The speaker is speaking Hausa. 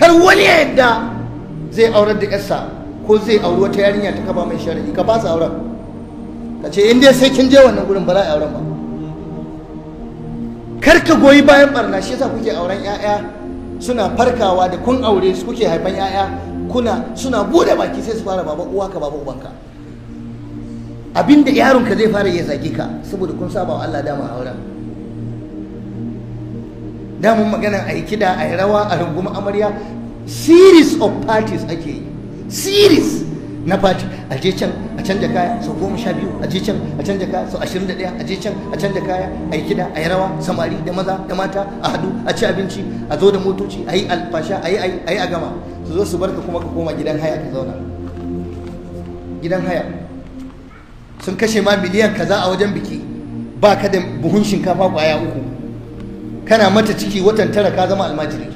kar wani ya yadda zai aurar da yarsa ko zai auri wata yarinya ta kaba mai shari'i ka ba auren ka ce in dai sai kin je wannan gurin ba za a auren ba kar ka goyi bayan barna shi yasa kuke auren 'ya'ya suna farkawa da kun aure su kuke haifan 'ya'ya kuna suna bude baki sai su fara baba uwa ka baba ubanka abinda yaron ka zai fara ya zage ka saboda kun saba wa Allah dama auren damun magana a yi kida a yi rawa a runguma amarya series of parties ake yi series na party a je can a canja kaya sau goma sha biyu a je can a canja kaya sau ashirin da ɗaya a je can a canja kaya a yi kida a yi rawa samari da maza da mata a hadu a ci abinci a zo da motoci a yi alfasha a yi a gama su zo su barka kuma ka koma gidan haya ka zauna gidan haya sun kashe ma miliyan kaza a wajen biki ba ka da buhun shinkafa kwaya uku kana mata ciki watan tara ka zama almajiri